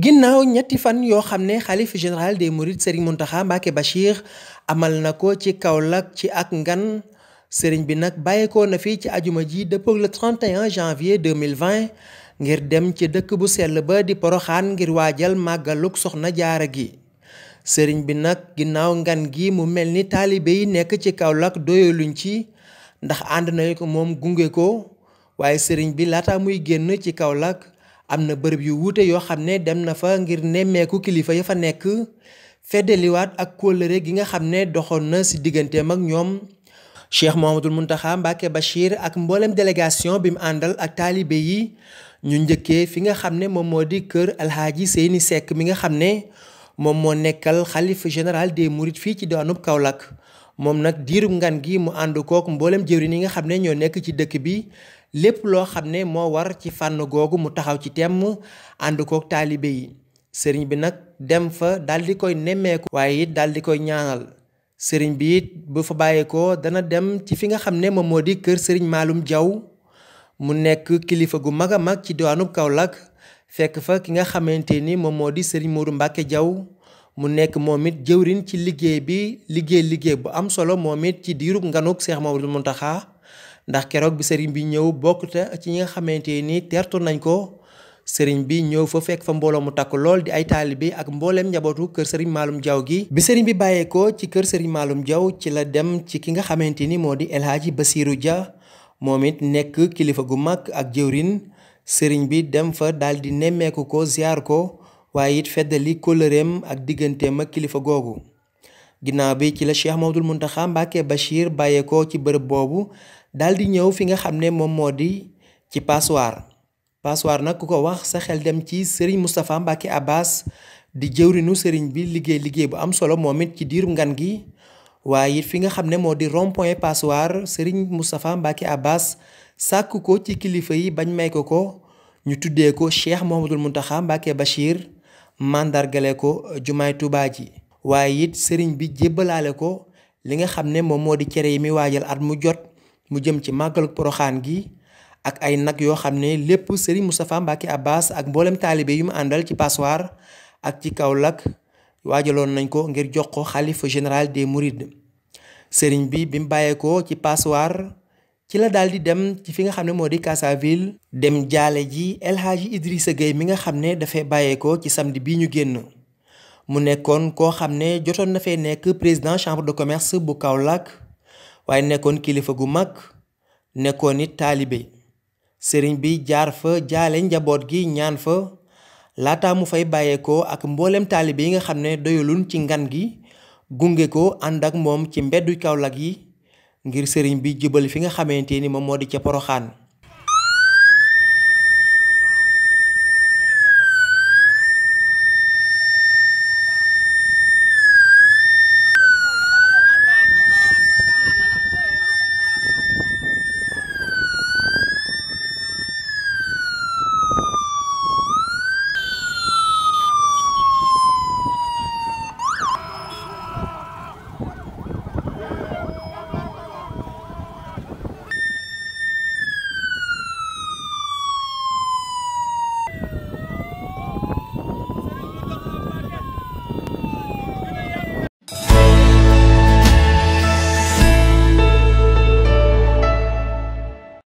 ginnaaw ñetti fan yoo xam ne xalif général des mourides Serigne Mountakha Mbacké Bachir amal na ko ci kaw Kaolack ci ak ngan sëriñ bi nag bàyyeekoo na fi ci ajuma ji dëppoo le 31 janvier 2020 ngir dem ci dëkk bu sell ba di poroxaan ngir waajal màggaluk soxna jaara gi sëriñ bi nag ginnaaw ngan gi mu mel ni taalibe yi nekk ci Kaolack doyaluñ ci ndax ànd nañu ko moom gunge ko waaye sëriñ bi laata muy génn ci kaw Kaolack am na bërëb yu wuute yoo xam ne dem na fa ngir nemmeeku kilifa ya fa nekk feddaliwaat ak kóllëre gi nga xam ne doxoon na si digganteem ak ñoom Cheikh Mouhamadoul Mountakha Mbacké Bachir ak mboolem délégation bi mu àndal ak taalibe yi ñu njëkkee fi nga xam ne moom moo di kër Alhaaji Seyni Seck mi nga xam ne moom moo nekkal xalifa général des Mourides fii ci daanub Kaolack moom nag diirub ngan gi mu ànd kook mboolem jëwriñ ni nga xam ne ñoo nekk ci dëkk bi lépp loo xam ne moo war ci fànn googu mu taxaw ci temm ànd kook taalibe yi sëriñ bi nag dem fa daal di koy nemmeeku waaye it daal di koy ñaanal sëriñ bi it bu fa bàyyeekoo dana dem ci fi nga xam ne moom moo di kër sëriñ Maalum Jaw mu nekk kilifa gu mag a mag ci diwaanub Kaolack fekk fa ki nga xamante ni moom moo di sëriñ Modou Mbacke Jaw mu nekk moom it jëwrin ci liggéey bi liggéey liggéey bu am solo moom it ci diirub nganuk Cheikh Mamadou taxa ndax keroog bi sëriñ bi ñëw bokk ci ñi nga xamante ni teertu nañ ko sëriñ bi ñëw fa fekk fa mbooloo mu takk lool di ay taali bi ak mbooleem njabootu kër sëriñ Maalum Jaw gi bi sëriñ bi bàyyeekoo ci kër sëriñ Maalum Jaw ci la dem ci ki nga xamante ni moo di El ba siiru Dia moom it nekk kilifa gu mag ak jëwrin sëriñ bi dem fa daal di nemmeeku ko ziar ko waaye it feddali kóllëreem ak digganteem ak kilifa googu ginnaaw bi ci la Cheikh Mawdul Muntaxa Mbàkke Bachir bàyyeekoo ci bërëb boobu daal di ñëw fi nga xam ne moom moo di ci Passoire Passoire nag ku ko wax sa xel dem ci Serigne Moustapha Mbàkke Abbas di jëwrinu Serigne bi liggéey liggéey bu am solo moom it ci diiru ngan gi waaye fi nga xam ne moo di rond point Serigne Moustapha Mbàkke Abbas sàkk ko ci kilifa yi bañ may ko ko ñu tuddee ko Cheikh Mouhamadoul Mountakha Mbàkke Bachir màndargale ko jumaay Tuubaa ji waaye it sëriñ bi jébbalaale ko li nga xam ne moom moo di cere yi muy waajal at mu jot mu jëm ci màggalu poroxaan gi ak ay nag yoo xam ne lépp sëriñ Moustapha Mbacké Abbas ak mboolem taalibe yu mu àndal ci Passoire ak ci kaw Kaolack waajaloon nañ ko ngir jox ko xalifa général de Mourides sëriñ bi bi mu bàyyeekoo ci Passoire ci la daal di dem ci fi nga xam ne moo di Cassaville dem jaale ji El Hadji Idrissa Gueye mi nga xam ne dafay bàyyeekoo ci samdi bi ñu génn mu nekkoon koo xam ne jotoon na fee nekk président chambre de commerce bu kaw Kaolack waaye nekkoon kilifa gu mag nekkoon it taalibe sëriñ bi jaar fa jaale njaboot gi ñaan fa laata mu fay bàyyeekoo ak mboolem taalibe yi nga xam ne doyalul ci ngan gi gunge ko ànd ak moom ci mbeddu Kaolack yi ngir sëriñ bi jubal fi nga xamante ni moom moo di ca poroxaan